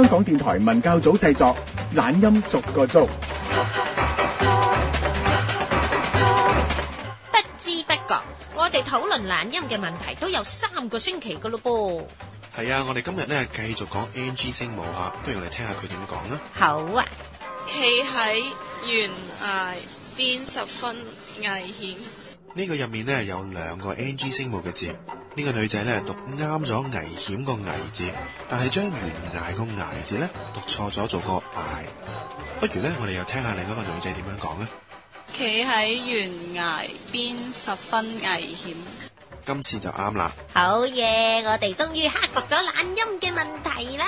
香港電台文教組製作，懶音逐個捉。不知不覺，我哋討論懶音嘅問題都有三個星期噶咯噃。係啊，我哋今日咧繼續講 N G 聲母吓，不如我哋聽下佢點講啦。好啊，企喺懸崖邊十分危險。呢個入面咧有兩個 N G 聲母嘅字。呢個女仔咧讀啱咗危險個危字，但係將懸崖個危字咧讀錯咗做個崖。不如咧，我哋又聽下另一個女仔點樣講啦。企喺懸崖邊十分危險。今次就啱啦。好嘢，我哋終於克服咗懶音嘅問題啦。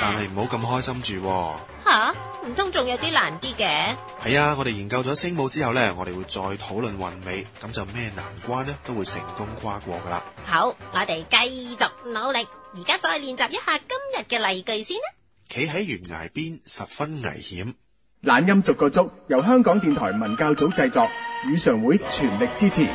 但係唔好咁開心住啊。吓，唔通仲有啲難啲嘅？係啊，我哋研究咗聲母之後呢，我哋會再討論韻尾，咁就咩難關呢？都會成功跨過噶啦。好，我哋繼續努力，而家再練習一下今日嘅例句先啦，啊。企喺懸崖邊十分危險。懶音逐個捉，由香港電台文教組製作，語常會全力支持。